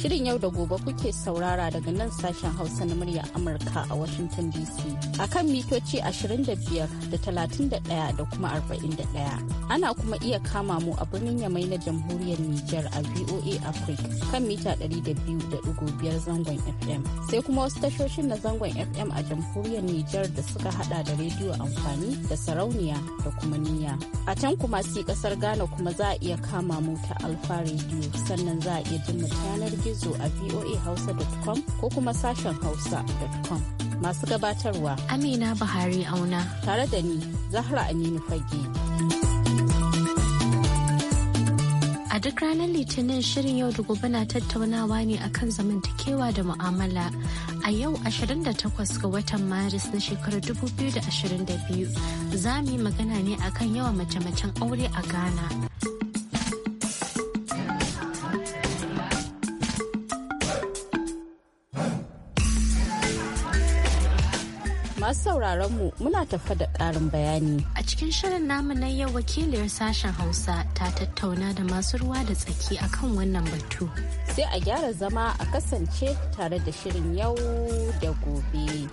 Shirin yau da gobe kuke saurara daga nan sashen Hausa na murya Amurka a Washington DC a kan mitoci 25 da 31 da kuma 41. Ana kuma iya kama mu a birnin Yamai na Jamhuriyar Nijar a VOA Africa kan mita 200.5 zangon FM. Sai kuma wasu tashoshin na zangon FM a Jamhuriyar Nijar da suka hada da rediyo amfani da sarauniya da kuma niyya. A can kuma si kasar Ghana kuma za a iya kama mu ta Alfa rediyo sannan za a iya jin yanar gizo gizo a voahausa.com ko kuma sashen hausa.com. Masu gabatarwa Amina Buhari auna. Tare da ni, Zahra Aminu Fage. A duk ranar Litinin shirin yau da gobe na tattaunawa ne akan zamantakewa da mu'amala. A yau 28 ga watan Maris na shekarar 2022 za mu yi magana ne akan yawan mace-macen aure a Ghana. sauraron mu muna tafa da ƙarin bayani. A cikin shirin namu na yau wakiliyar sashen Hausa ta tattauna da masu ruwa da tsaki akan wannan batu. Sai a gyara zama a kasance tare da shirin yau da gobe.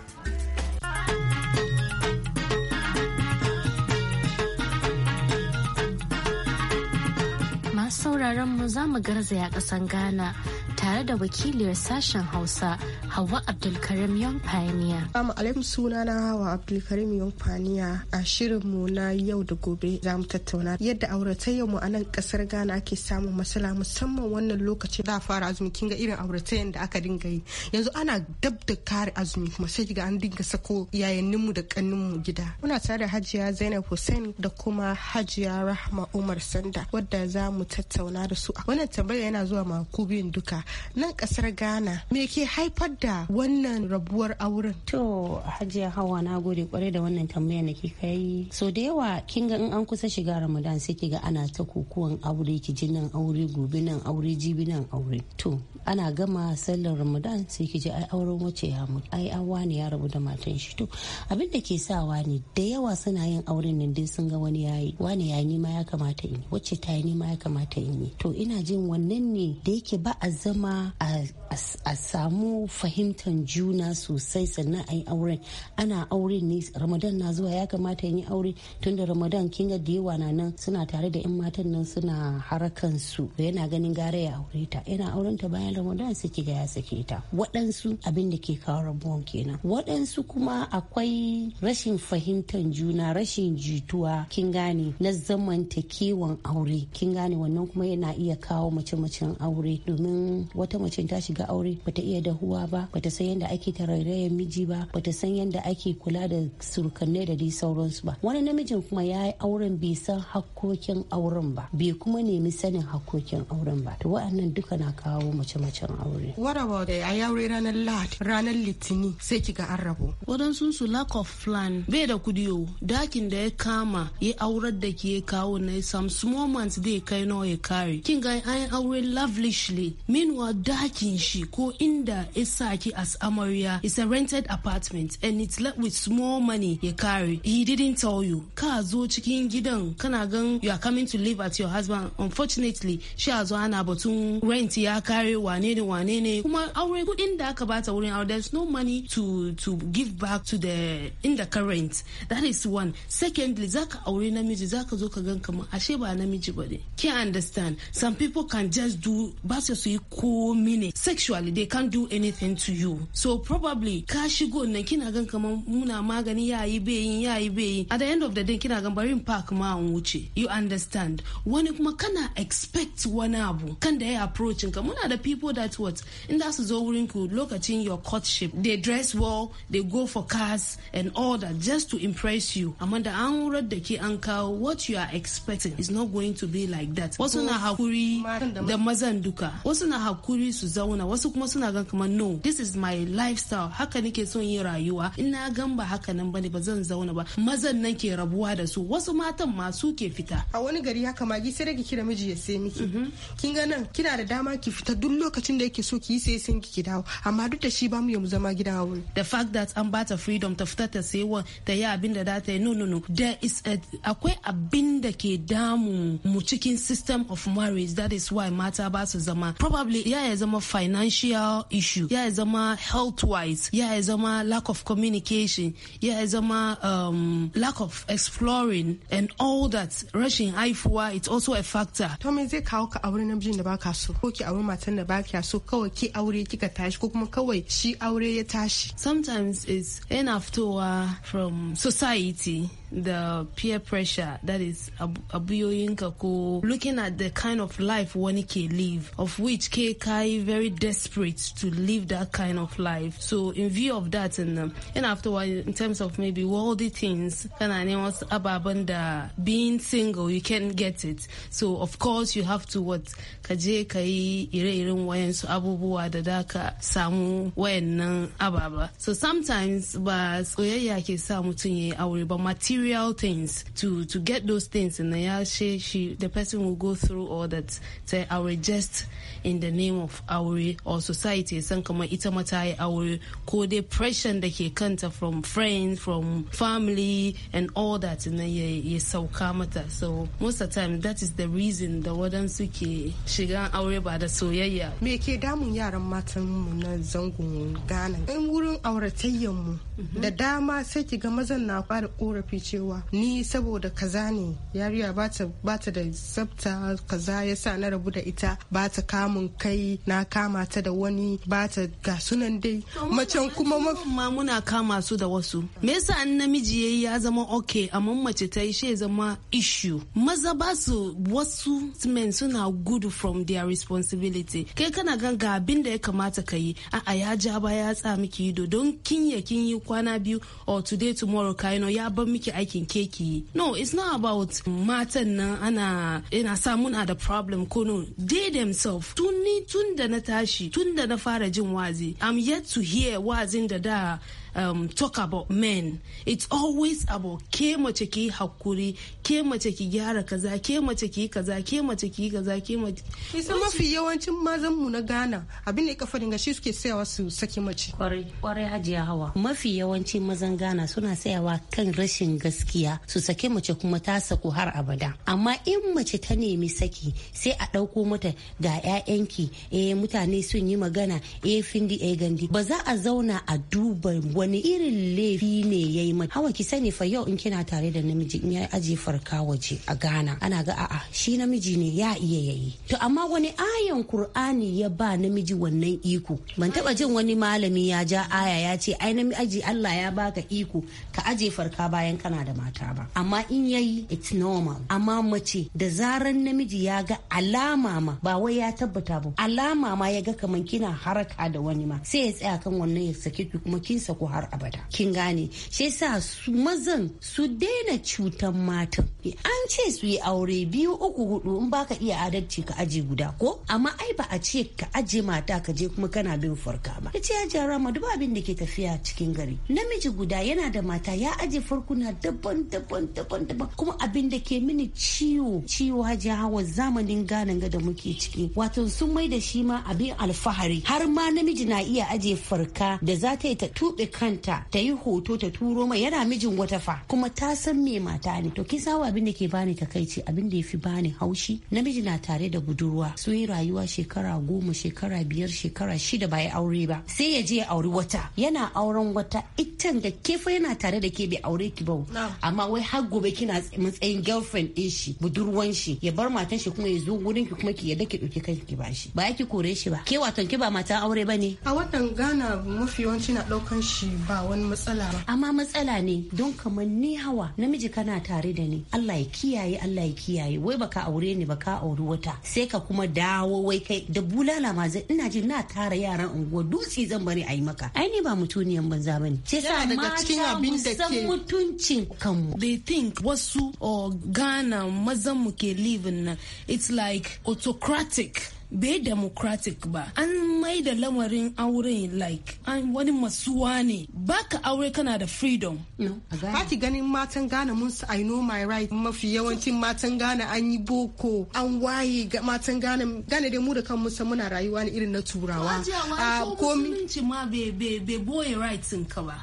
sauraron mu za mu garzaya kasan Ghana tare da wakiliyar sashen Hausa Hawa Abdulkarim Young Pioneer. Assalamu alaikum suna na Hawa Abdulkarim Young Pioneer a shirinmu na yau da gobe za mu tattauna yadda auratayyar mu a nan kasar Ghana ake samun matsala musamman wannan lokacin za fara azumi kinga irin auratayyar da aka dinga yi yanzu ana dab da kare azumi kuma sai ga an dinga sako yayannin mu da kannin mu gida. Muna tare da Hajiya Zainab Hussein da kuma Hajiya Rahma Umar Sanda wadda za mu tattauna da su. Wannan tambaya yana zuwa ma duka nan kasar Ghana me ke haifar da da wannan rabuwar auren? To hajiya hawa na gode kwarai da wannan tambayar da kika yi. So da yawa kin ga in an kusa shiga Ramadan sai kiga ana ta kokuwan aure kiji ji nan aure gobe nan aure jibi nan aure. To ana gama sallar Ramadan sai ki ji ai auren wace ya mutu ai an wani ya rabu da matan shi. To abin da ke sa wani da yawa suna yin auren nan dai sun ga wani yayi wani ya nima ya kamata in yi wacce ta yi nima ya kamata in yi. To ina jin wannan ne da yake ba a zama a samu fahimtar juna sosai sannan a yi auren ana auren ne ramadan na zuwa ya kamata yi aure tunda ramadan kinga da yawa na nan suna tare da 'yan matan nan suna harakan su yana ganin gara ya aure ta yana auren ta bayan ramadan suke ga ya sake ta waɗansu abin da ke kawo rabuwan kenan waɗansu kuma akwai rashin fahimtar juna rashin jituwa kin gane na zamantakewan aure kin gane wannan kuma yana iya kawo mace-macen aure domin wata mace ta shiga aure bata iya dahuwa ba ba bata san yadda ake tarairayar miji ba bata san yadda ake kula da surukannai da dai sauransu ba wani namijin kuma ya yi auren bai san hakkokin auren ba bai kuma nemi sanin hakkokin auren ba to wa'annan duka na kawo mace-macen aure waraba eh, da ya yi ranar lahadi ranar litini sai kika an rabu sun su lack of plan bai da kudi dakin da ya kama ya aurar da ke kawo na some small months dai kai nawa ya kare kin ga an aure min meanwhile dakin shi ko inda isa Kakaki as Amaria is a rented apartment and it's left with small money ya carry. He didn't tell you. Ka zo cikin gidan kana gan you are coming to live at your husband. Unfortunately, shi a ana batun rent ya kare wane ne wane ne kuma aure kudin da aka bata wurin aure there's no money to to give back to the in the current. That is one. Secondly, zaka aure namiji zaka zo ka gan kamar ashe ba namiji ba ne. Can understand? Some people can just do ba su yi ko mini Sexually they can't do anything to you so probably ka shigo nan kina gan kaman muna magani yayi beyi yayi bai at the end of the day kina gan bari park ma an wuce you understand wani kuma kana expect wani abu kan da ya approaching ka muna da people that what in da su zo wurin ku lokacin your courtship they dress well they go for cars and all that just to impress you amma da an wurar da ke an kawo what you are expecting is not going to be like that wasu na hakuri da mazan duka wasu na hakuri su zauna wasu kuma suna gan kamar no this is my lifestyle haka nake son yin rayuwa in na gan ba haka nan bane ba zan zauna ba mazan nan ke rabuwa da su wasu matan ma su ke fita a wani gari haka magi sai ki kira miji ya sai miki mhm. kin ga nan kina da dama ki fita duk lokacin da yake so ki yi sai sun ki dawo amma duk da shi ba mu ya zama gida wuri the fact that an bata freedom ta fita ta sai wa ta yi abin da ta yi no no no there is akwai abin da ke damu mu cikin system of marriage that is why mata ba su zama probably ya ya zama financial issue ya zama health wise ya e zama lack of communication ya e zama um, lack of exploring and all that rashin haifuwa it's also a factor to me zai kawo ka aure namijin da baka so ko ki aure matan da baka so kawai ki aure kika tashi ko kuma kawai shi aure ya tashi sometimes it's enough to uh, from society da peer pressure that is ko looking at the kind of life wani ke live of which ke kai very desperate to live that kind of life so in view of that and, um, and after while in terms of maybe worldly things kana nema ababen da being single you can get it so of course you have to what ka je ka yi ire-iren wayansu abubuwa da da ka samu wayannan ababa so sometimes ba soyayya ke sa mutum yayi aure ba material material things to to get those things and yeah she, she the person will go through all that so i will just in the name of aure or society san kamar ita mata ta aure ko depression da ke kanta from friends from family and all that na ya sauka mata so most of the time that is the reason da waɗansu ke shiga aure ba da soyayya me ke damun yaran matan mu na zangon Ghana in wurin auratayyan mu mhm. da dama sai ki ga mazan na fara korafi cewa ni saboda kaza ne yariya ba ta da tsafta kaza yasa na rabu da ita ba ta kama samun kai na kama ta da wani ba ta ga sunan dai mace kuma ma muna kama su da wasu me yasa an namiji yayi ya zama okay amma mace ta yi she zama issue maza ba su wasu men suna good from their responsibility kai kana gan ga abin da ya kamata ka yi a'a ya ja ba ya tsa miki ido don kin ya kin yi kwana biyu or oh, today tomorrow ka yi ya bar miki aikin keki yi no it's not about matan nan ana yana sa muna da problem ko no they themselves tun tun da na tashi tun da na fara jin wazi am yet to hear wazin da da um, talk about men it's always about ke mace ki hakuri ke mace ki gyara kaza ke mace ki kaza ke mace ki kaza ke mace nisa mafi yawancin mazan mu na Ghana abin da ya kafa dinga shi suke sayawa su saki mace kwarai hajiya hawa mafi yawancin mazan Ghana suna sayawa kan rashin gaskiya su saki mace kuma ta saku har abada amma in mace ta nemi saki sai a ɗauko mata ga 'ya'yanki eh mutane sun yi magana eh findi eh gandi ba za a zauna a duba wani irin laifi ne ya yi mata hawa ki sani fa yau in kina tare da namiji in ya aje farka waje a ghana ana ga a'a shi namiji ne ya iya yayi to amma wani ayan kur'ani ya ba namiji wannan iko ban taba jin wani malami ya ja aya ya ce ai namiji Allah ya baka iko ka aje farka bayan kana da mata ba amma in yayi it's normal amma mace da zaran namiji ya ga alama ma ba wai ya tabbata ba alama ma ya ga kaman kina haraka da wani ma sai ya tsaya kan wannan ya saki kuma kin sako har abada kin gane shi yasa su mazan su daina cutan matan an ce su yi aure biyu uku hudu in baka iya adalci ka aje guda ko amma ai ba a ce ka aje mata ka je kuma kana bin farka ba ce ya jara ma duk abin da ke tafiya cikin gari namiji guda yana da mata ya aje farkuna daban daban daban daban kuma abin da ke mini ciwo ciwo haji hawa zamanin gane ga da muke ciki wato sun mai da shi ma abin alfahari har ma namiji na iya aje farka da za ta yi ta tuɓe kanta ta yi hoto ta turo mai yana mijin wata fa kuma ta san me mata ne to kin sawa abin da ke bani takaici abin da ya fi bani haushi namiji na tare da budurwa su yi rayuwa shekara goma shekara biyar shekara shida ba ya aure ba sai ya je ya auri wata yana auren wata itan da kefa yana tare da ke bai aure ki ba amma wai har gobe kina matsayin girlfriend din shi budurwan shi ya bar matan shi kuma ya zo gurin ki kuma ki yadda ki dauki kai ki bashi ba ki kore shi ba ke watan ki ba matan aure ba ne a wannan gana mafi yawanci na daukan shi shi ba wani matsala ba amma matsala ne don kamar ni hawa namiji kana tare da ni Allah ya kiyaye Allah ya kiyaye wai baka aure ni baka auri wata sai ka kuma dawo wai kai da bulala ma zai ina jin na tara yaran unguwa dutse zan bari ayi maka ai ni ba mutuniyan banza bane sai sa mata mu san mutuncin kanmu they think wasu or oh, Ghana mazan mu ke living it's like autocratic bai democratic ba an mai da lamarin aure like an wani masuwa ne baka aure kana da freedom Fati ganin matan gana mun su I know my right mafi yawancin matan gana an yi boko an waye ga matan gana gane dai mu da kan musa muna rayuwa ne irin na turawa a ah, musulunci ma bai boye rights ka ba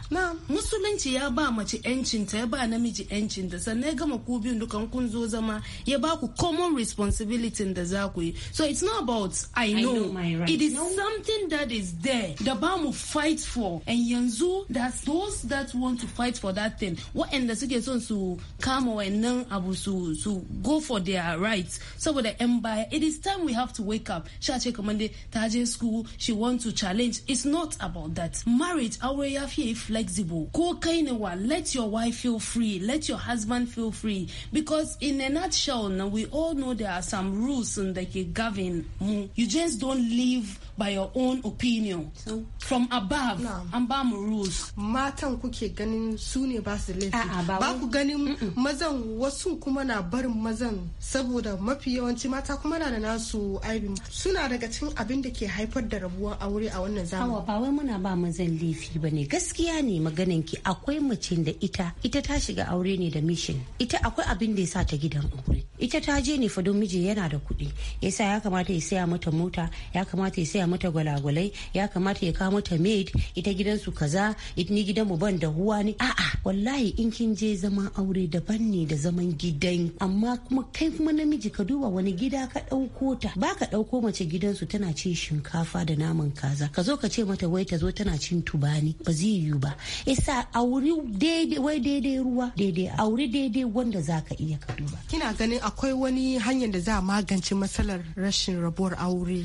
musulunci ya ba mace yancin ta ya ba namiji yancin ta sannan ya gama ku biyun dukan kun zo zama ya ba ku common responsibility da za ku yi so it's not about about I know, I know my right. It is no. something that is there. The Bamu fight for. And yanzu that's those that want to fight for that thing. What and the suke son come and then abu to go for their rights. So with the empire, it is time we have to wake up. Shache Komande Taje school, she wants to challenge. It's not about that. Marriage, our yafi flexible. Ko kainewa, let your wife feel free, let your husband feel free. Because in a nutshell, now we all know there are some rules that can govern Mm. you just don't live by your own opinion so, from above an ba mu rules matan kuke ganin su ne ba su laifi ba ku ganin mazan wasu kuma na barin mazan saboda mafi yawanci mata kuma na da nasu aibi suna daga cikin abin da ke haifar da rabuwar aure a wannan zamani hawa ba wai muna ba mazan laifi ba ne gaskiya ne maganan ki akwai mace da ita ita ta shiga aure ne da mission ita akwai abin da ya sa ta gidan aure ita ta je ne fa don miji yana da kuɗi yasa ya kamata ya saya mata mota ya kamata ya saya mata gwalagwalai ya kamata ya kawo mata maid ita gidansu kaza ni gidan mu ban da huwa ne a'a wallahi in kin je zaman aure daban ne da zaman gidan amma kuma kai kuma namiji ka duba wani gida ka ɗauko ta ba ka ɗauko mace gidansu tana cin shinkafa da naman kaza ka zo ka ce mata wai ta zo tana cin tubani ba zai yiwu ba yasa aure daidai wai daidai ruwa daidai aure daidai wanda za ka iya ka duba kina ganin akwai wani hanyar da za a magance matsalar rashin rabuwar aure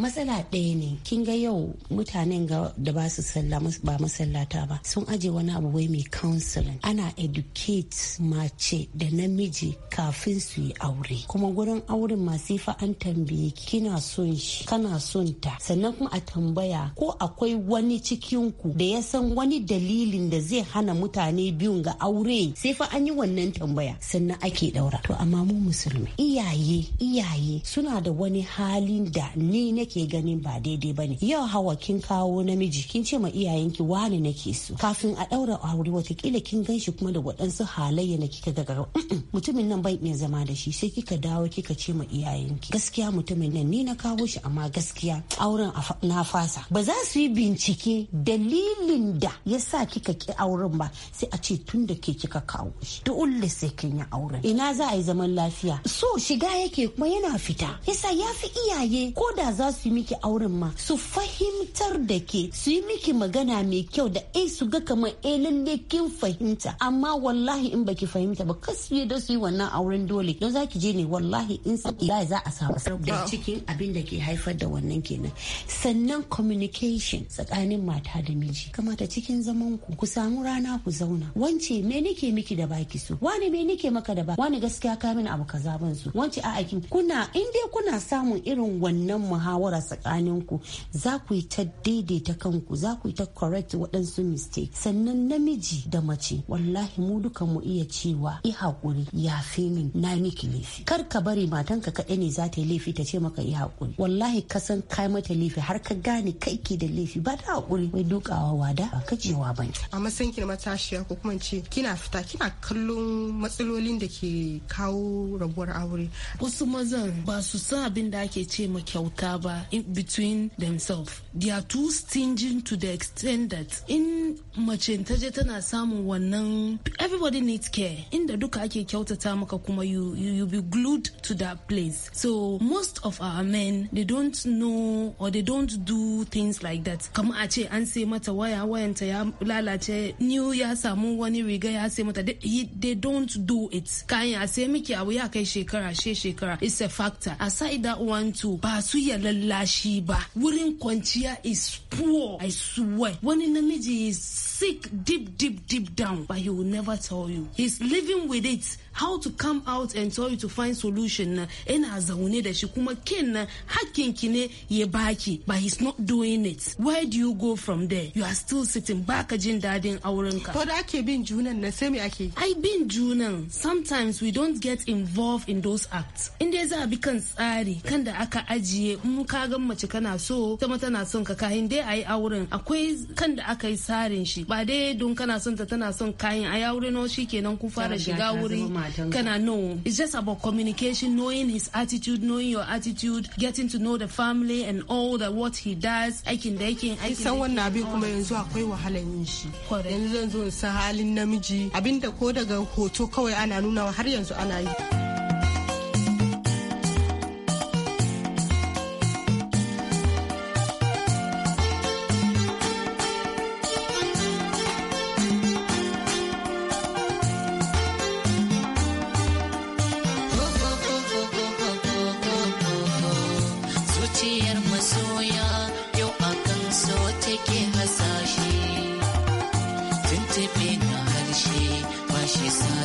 matsala ɗaya ne kin ga yau mutanen da ba su sallah ba masallata ba sun aje wani abu wai mai counseling ana educate mace da namiji kafin su yi aure kuma gurin auren fa an tambaye kina son shi kana son ta sannan kuma a tambaya ko akwai wani cikin ku da ya san wani dalilin da zai hana mutane biyun ga aure sai fa an yi wannan tambaya sannan ake daura to amma mu musulmi. iyaye iyaye suna da wani halin da ni ne. kake ganin ba daidai bane yau hawa kin kawo namiji kin ce ma iyayenki wani nake so kafin a ɗaura aure wata watakila kin gan shi kuma da waɗansu halayya na kika daga mutumin nan bai iya zama da shi sai kika dawo kika ce ma iyayenki gaskiya mutumin nan ni na kawo shi amma gaskiya auren na fasa ba za su yi bincike dalilin da ya sa kika ki auren ba sai a ce tun da ke kika kawo shi dole sai kin yi auren ina za a yi zaman lafiya so shiga yake kuma yana fita yasa ya fi iyaye ko da za su su yi miki auren ma su fahimtar da ke su yi miki magana mai kyau da ai eh su ga kamar eh lalle kin fahimta amma wallahi in baki fahimta ba kas su da su yi wannan auren dole don zaki je ne wallahi in sa za a samu da cikin abin da ke haifar da wannan kenan sannan communication tsakanin mata da miji kamata cikin zaman ku ku samu rana ku zauna wance me nake miki da baki so wani me nake maka da ba wani gaskiya ka mini abu kaza ban so wance a'a kuna in kuna samun irin wannan muhawar. shawara tsakaninku za ku yi ta daidaita kanku za ku yi ta correct waɗansu mistake sannan namiji da mace wallahi mu duka mu iya cewa i hakuri ya fi min na miki laifi kar ka bari matanka kaɗai ne za ta yi laifi ta ce maka i hakuri wallahi ka san kai mata laifi har ka gane kai ke da laifi ba ta hakuri mai dukawa wada ba ka jewa ba a matsayin matashiya ko kuma ce kina fita kina kallon matsalolin da ke kawo rabuwar aure wasu mazan ba su san abin da ake ce ma kyauta ba in between themselves they are too stingy to the extent that in mace ta tana samun wannan everybody needs care inda duka ake kyautata maka kuma you, you, you be glued to that place so most of our men they don't know or they don't do things like that kamar a ce an sai mata waya wayanta ya lalace new ya samu wani riga ya sai mata they don't do it kayan a sai miki abu ya kai shekara she shekara it's a factor aside that one too ba su La Shiba, wurin kwanciya is poor i swear wani namiji is sick deep deep deep down but he will never tell you he's living with it how to come out and tell you to find solution na ina zaune da shi kuma kin na ki ne ya baki but he's not doing it where do you go from there you are still sitting baka jin dadin aurenka to da ake bin junan na sai me ake ai bin junan sometimes we don't get involved in those acts in dai za bi kan tsari kan da aka ajiye in ka ga mace kana so ta tana son ka kayan dai ayi auren akwai kan da aka yi tsarin shi ba dai don kana son ta tana son kayan ai aure no shikenan ku fara shiga wuri kana know it's just about communication knowing his attitude knowing your attitude getting to know the family and all that what he does aikin da yake aikin san wannan abin kuma yanzu akwai wahalar yin shi yanzu zan zo in san halin namiji abinda ko daga hoto kawai ana nuna har yanzu ana yi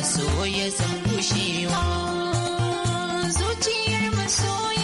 so ya san gushewa zuciyar masoya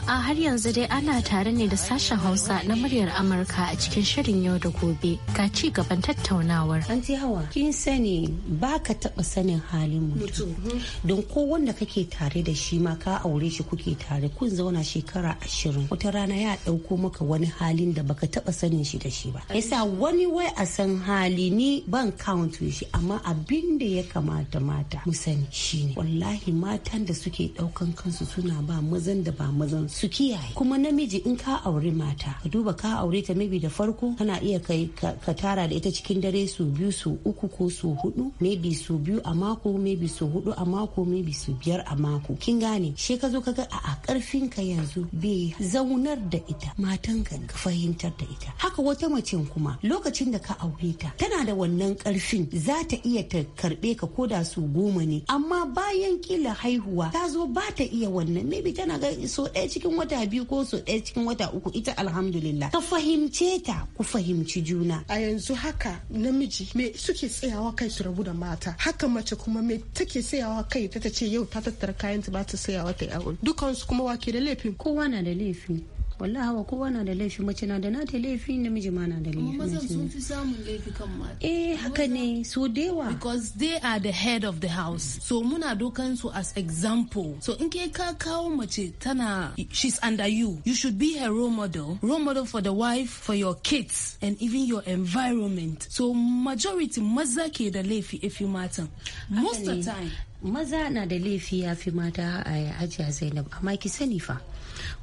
jama'a har yanzu dai ana tare ne da sashen Hausa na muryar Amurka a cikin shirin yau da gobe ga ci gaban tattaunawar. ji Hawa, kin sani ba ka taɓa sanin halin mutu. Mhm. Don ko wanda kake tare da shi ma ka aure shi kuke tare kun zauna shekara ashirin. Wata rana ya ɗauko maka wani halin da baka taɓa sanin shi da shi ba. Yasa wani wai a san hali ni ban count shi amma abin da ya kamata mata mu sani shine wallahi matan da suke ɗaukan kansu suna ba mazan da ba mazan su kiyaye kuma namiji in ka aure mata ka duba ka aure ta maybe da farko kana iya kai ka tara da ita cikin dare su biyu su uku ko su hudu maybe su biyu a mako maybe su hudu a mako maybe su biyar a mako kin gane she ka zo ka ga a karfin ka yanzu bai zaunar da ita matan ka fahimtar da ita haka wata mace kuma lokacin da ka aure ta tana da wannan karfin za ta iya ta karbe ka da su goma ne amma bayan kila haihuwa ta zo ba ta iya wannan maybe tana ga so ɗaya cikin wata biyu ko so ɗaya cikin wata uku ita alhamdulillah ka fahimce ta ku fahimci juna a yanzu haka namiji me suke tsayawa kai su rabu da mata haka mace kuma me take tsayawa kai ta ta ce yau ta tattara kayan ta ba ta tsayawa ta yi aure dukansu kuma wake da laifin kowa na da laifin. wallahi hawa kowa na da laifi mace na da nata laifi namiji ma na da laifi mazan sun fi samun laifi kan mata eh haka ne so da yawa because they are the head of the house so muna dokan su as example so in ke ka kawo mace tana she's under you you should be her role model role model for the wife for your kids and even your environment so majority maza ke da laifi you matter most of the time maza na da laifi ya fi mata a ajiya zainab amma ki sani fa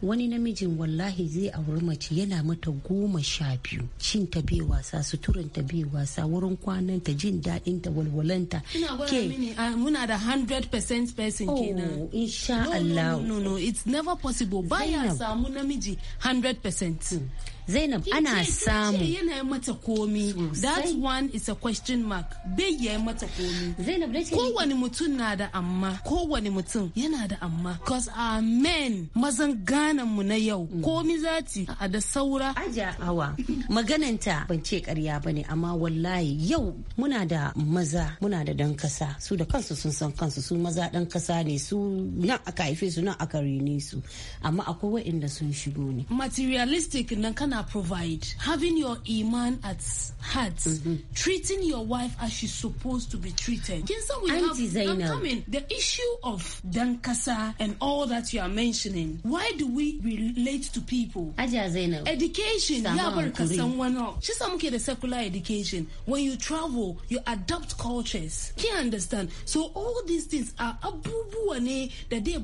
wani namijin wallahi zai auri mace yana mata goma sha biyu cin ta bai wasa suturan ta bai wasa wurin kwanan ta jin daɗin ta walwalanta ke ah, muna da 100% person oh, kenan insha Allah no no no it's never possible baya samu namiji 100% Zainab ana samu. yana mata komi. That one is a question mark. Bai ya mata komi. Zainab na ce. Kowane mutum na da amma. Kowane mutum yana da amma. Cause our men mazan ganan mu na yau. Mm. Komi zati a da saura. Aja ta Magananta ban ce karya ba ne amma wallahi yau muna da maza muna da dan kasa su da kansu sun san kansu su maza dan kasa ne su nan aka haife su nan aka rene su amma akwai wa'inda sun shigo ne. Materialistic nan kana provide, having your iman at heart, mm -hmm. treating your wife as she's supposed to be treated. Yes, we I'm have. Designer. The issue of dankasa and all that you are mentioning. Why do we relate to people? Education. Yeah, someone else. She's some the secular education. When you travel, you adopt cultures. Can you understand? So all these things are abubu and the day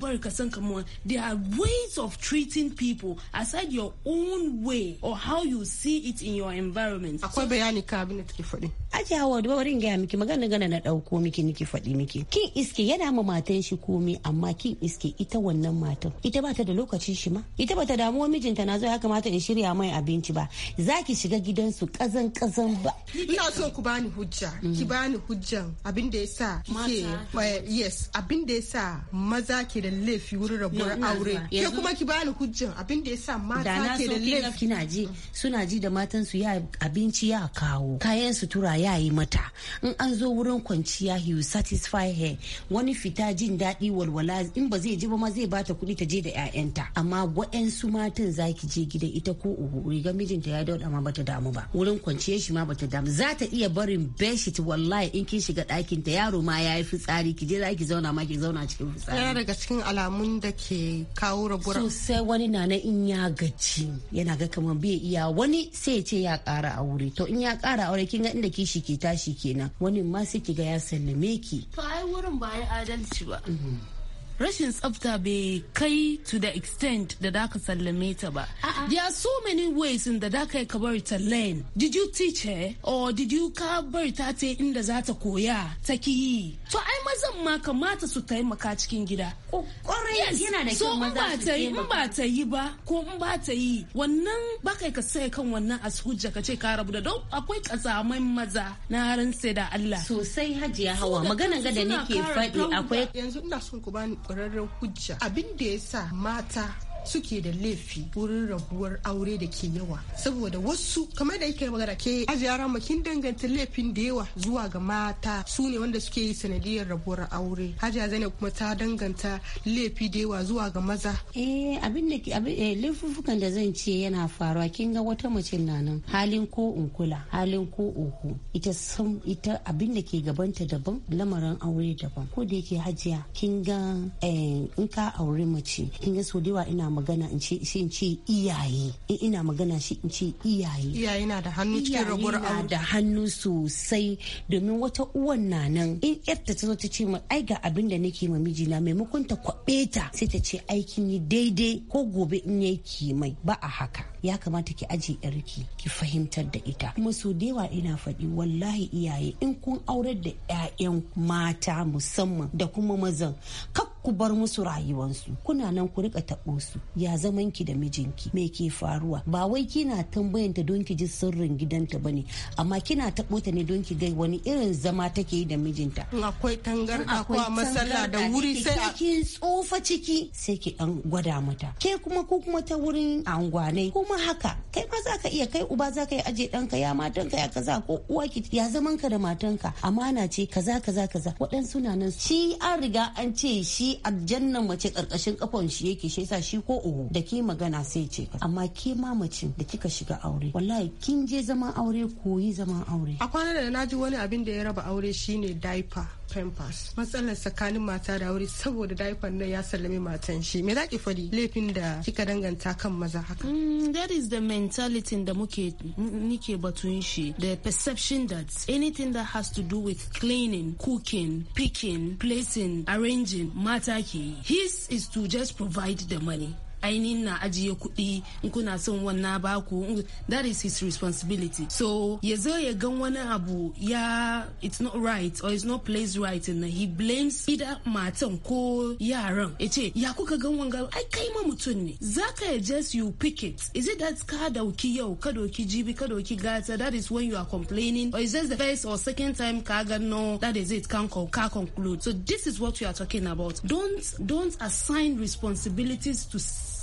They are ways of treating people aside your own way or how you see it in your environment akwai bayani ka abin da take faɗi aje hawa da barin gaya miki magana gana na ɗauko miki niki faɗi miki kin iske yana ma matan shi komai amma kin iske ita wannan matan ita ba ta da lokacin shi ma ita ba ta damuwa mijinta na zo ya kamata in shirya mai abinci ba za ki shiga gidansu kazan kazan ba ina so ku bani hujja ki bani hujjan abin da yasa kike eh, yes abin da yasa maza ke da laifi wurin rabuwar aure ke kuma ki bani hujjan abin da yasa mata ke da laifi ji suna ji da matan su ya abinci ya kawo kayan sutura ya yi mata in an zo wurin kwanciya he will satisfy her wani fita jin daɗi walwala in ba zai ji ba ma zai bata kuɗi ta je da 'ya'yanta amma waɗansu matan zaki je gida ita ko uhu riga mijinta ya dauɗa ma bata damu ba wurin kwanciyar shi ma bata damu za ta iya barin beshit wallahi in kin shiga ɗakin ta yaro ma ya yi fitsari ki je za ki zauna ma ki zauna cikin fitsari yana daga cikin alamun da ke kawo rabura. sosai wani na na in ya gaji yana ga kamar bai iya wani sai ya ce ya kara aure to in ya kara aure kin ga inda kishi ke tashi kenan wani ma sai ki ga ya sallame ki to ai wurin ba ya adalci ba mhm. rashin tsafta bai kai to the extent da da ka sallame ta ba there are so many ways in da da ka ka bari ta learn did you teach her or did you ka bari ta ta inda za ta koya ta ki yi to ai mazan ma kamata su taimaka cikin gida kwarai yana da kyau maza su in ba ta yi ba ko in ba ta yi wannan ba kai ka sai kan wannan ashujja ka ce ka rabu da don akwai kazamai maza na harin sai da Allah sosai hajiya hawa maganan ga da nake faɗi akwai yanzu ina son ku bani kwararren hujja abin da ya sa mata suke da laifi wurin rabuwar aure da ke yawa saboda wasu kamar da yake magana ke ajiyar ramakin danganta laifin da yawa zuwa ga mata su ne wanda suke yi sanadiyar rabuwar aure hajiya zane kuma ta danganta laifi da yawa zuwa ga maza eh abin da eh, laifufukan da zan ce yana faruwa kin ga wata mace na nan halin ko unkula halin ko oho ita sun ita abin da ke gabanta daban lamarin aure daban ko da yake hajiya kin ga eh, in ka aure mace kin ga so da yawa ina magana in ce in ce iyaye in ina magana shi in ce iyaye iyaye na da hannu cikin rabuwar aure na da hannu sosai domin wata uwan na nan in yarta ta zo ta ce ai ga abin da nake ma mijina maimakon ta kwabe ta sai ta ce aikin yi daidai ko gobe in yayi mai ba a haka ya kamata ki aje yarki ki fahimtar da ita kuma so da yawa ina faɗi wallahi iyaye in kun aurar da 'ya'yan mata musamman da kuma mazan kak ku bar musu rayuwansu kuna nan ku rika taɓo su ya zaman ki da mijinki me ke faruwa ba wai kina tambayan ta don ki ji sirrin gidanta bane amma kina taɓo ta ne don ki ga wani irin zama take yi da mijinta akwai tangar akwai masalla da wuri sai a tsofa ciki sai ki dan gwada mata ke kuma ko kuma ta wurin angwane kuma haka kai ma zaka iya kai uba zaka yi aje danka ya matanka ya kaza ko uwa ki ya zaman ka da matanka amana ce kaza kaza kaza waɗansu na nan shi an riga an ce shi shi aljannan mace karkashin kafan shi yake shi yasa shi ko uhu da ke magana sai ce amma ke ma mace da kika shiga aure wallahi kin je zaman aure koyi zaman aure a kwanan da naji wani abin da ya raba aure shine diaper pampers matsalar tsakanin mata da wuri saboda daifan nan ya sallame matan shi me zaki fari laifin da kika danganta kan maza haka mm, that is the mentality da muke nike batun shi the perception that anything that has to do with cleaning cooking picking placing arranging mata ke his is to just provide the money ainihin na ajiye kuɗi in kuna son wannan baku that is his responsibility so ya zo ya gan wani abu ya it's not right or it's not placed right in he blames either matan ko yaran ya ce ya kuka gan wanga ai kai ma mutum ne zaka ya just you pick it is it that ka dauki yau ka dauki jibi ka dauki gata that is when you are complaining or is this the first or second time ka no that is it can ka conclude so this is what we are talking about don't don't assign responsibilities to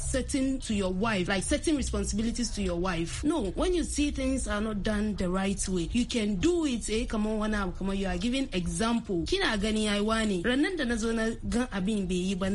certain to your wife, like certain responsibilities to your wife. No, when you see things are not done the right way, you can do it. Eh, kamar wani abu kamar you are giving example. Kina gani ai ne ranar da na na gan abin bai yi ba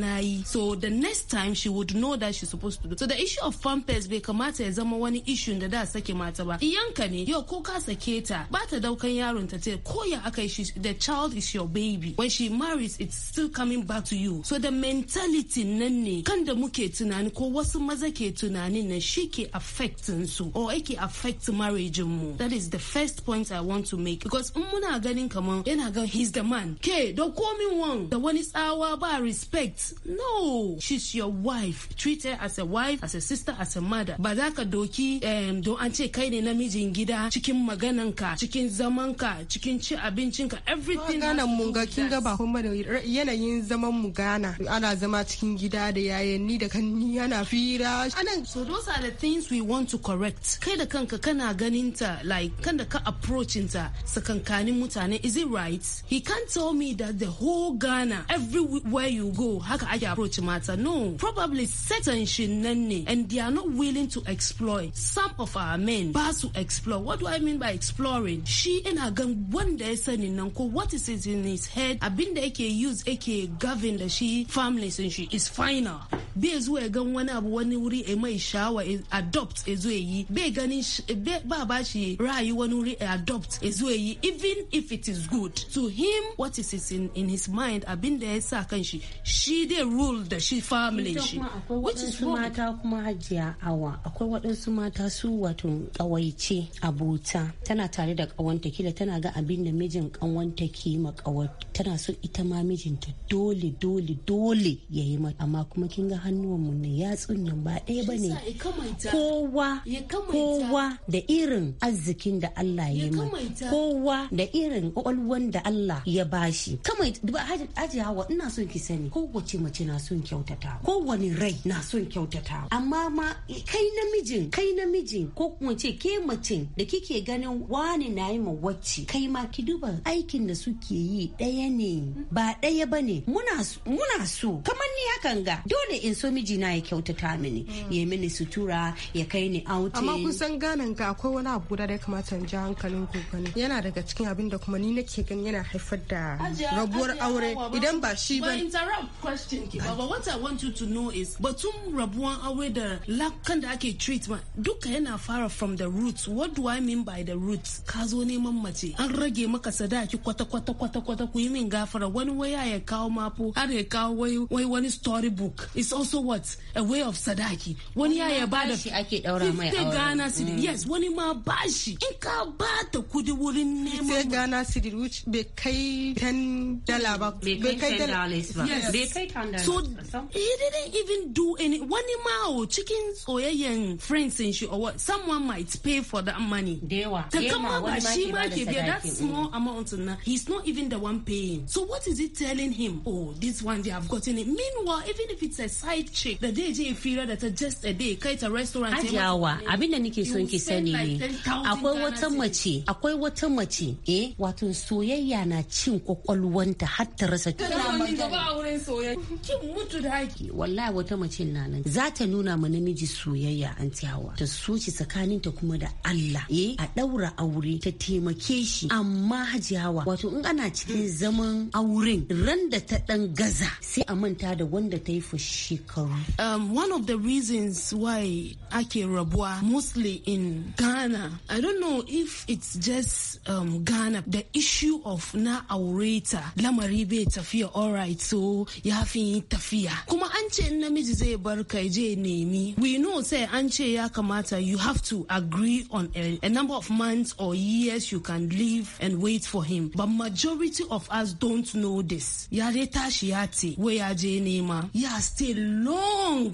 So the next time she would know that she's supposed to do. So the issue of pampers bai kamata ya zama wani issue da da sake mata ba. Iyanka ne yau ko ka sake ta ba ta daukan yaron ta ce ko ya aka yi the child is your baby. When she marries it's still coming back to you. So the mentality nan ne kan da muke tunani ko ko wasu maza ke tunanin na shi ke affecting su or yake affect marriage mu that is the first point i want to make because in muna ganin kaman yana ga he's the man ke da komin wan da wani tsawa ba respect no she's your wife treat her as a wife as a sister as a mother ba za ka doki um, don an ce kai ne namijin gida cikin magananka cikin zamanka cikin ci abincinka everything ganan mun ga kin ga ba kuma yanayin zaman mu gana ana zama cikin gida da yayanni da kanni yana fira so those are the things we want to correct kai da kanka kana ganin ta like kan da ka approaching ta sakankanin mutane is it right he can't tell me that the whole Ghana everywhere you go haka ake approach mata no probably certain shin nan ne and they are not willing to exploit some of our men ba su explore what do I mean by exploring shi ina gan wanda ya sani nan ko what is it in his head abinda yake use yake govern da shi families she is final bai ya gan wani abu wani wuri a e mai shawa e adopt a e zuwa yi bai ganin ba ba shi ra'ayi wani wuri a adopt a zuwa yi even if it is good to him what is in, in his mind abin da ya sa kan shi shi dai rule da shi family shi which is mata kuma hajiya awa akwai waɗansu mata su wato kawaice abota tana tare da kawanta kila tana ga abin da mijin kanwanta ke makawar tana so ita ma mijinta dole dole dole ya yi mata amma kuma kin ga hannuwan mu ne ya tatsunyan ba ɗaya ba ne kowa da irin arzikin da Allah ya yi kowa da irin ƙwaƙwalwan da Allah ya bashi ba aji hawa ina son ki sani kowace mace na son kyautata kowane rai na son kyautata amma ma kai namijin kai namijin ko kuma ce ke mace da kike ganin wani na yi wacce kai ma ki duba aikin da suke yi ɗaya ne ba ɗaya ba ne muna so kamar ni hakan ga dole in so miji na ya kyauta kyautata mini ya mini sutura ya kai ni auti amma kun san ganin ka akwai wani abu guda da ya kamata in ji hankalin ku gani yana daga cikin abin da kuma ni nake gani yana haifar da rabuwar aure idan ba shi ba interrupt question ki baba what i want you to know is batun rabuwar aure da lakan da ake treatment duka yana fara from the roots what do i mean by the roots ka zo neman mace an rage maka sadaki kwata kwata kwata kwata ku yi min gafara wani waya ya kawo mafu har ya kawo wai wani story book it's also what a way of sadaki wani ya ya bada 50 Ghana city, yes wani ma bashi in ka ba ta kudi wurin neman 50 Ghana city, which be kai 10 dala ba bai kai 10 dollars ba be kai 10 dollars so he didn't even do any wani ma o cikin soyayyen friends in shi or what someone might pay for that money dewa ta kama ba shi ma ke biya that mm. small amount na he's not even the one paying so what is it telling him oh this one they have gotten it meanwhile even if it's a side chick the DJ. yi fira da ta just a day kai ta restaurant abin da nake son ki sani ne akwai wata mace akwai wata mace eh wato soyayya na cin kwakwalwanta har ta rasa kin mutu da haki wallahi wata mace na nan za ta nuna ma namiji soyayya an tiyawa ta soci tsakanin tsakaninta kuma da Allah eh a daura aure ta taimake shi amma hajiyawa wato in ana cikin zaman auren ran da ta dan gaza sai a manta da wanda ta yi fa shekaru um, one of the reasons why ake rabuwa mostly in Ghana, I don't know if it's just um, Ghana, the issue of na aureta lamari bai alright so ya fi Kuma anche na in namiji je nemi. We know say anche ya kamata you have to agree on a, a number of months or years you can live and wait for him. But majority of us don't know this. Yareta shiati we are ce wai ya je nema. Ya stay long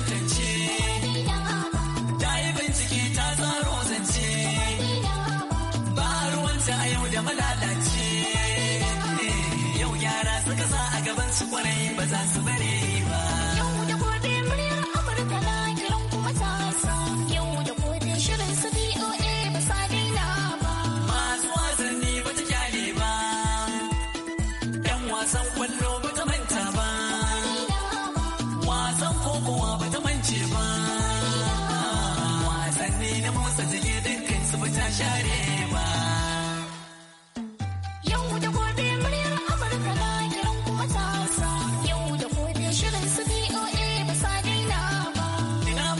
malalace eh, yau yara suka sa a gaban su kwarai ba za su bare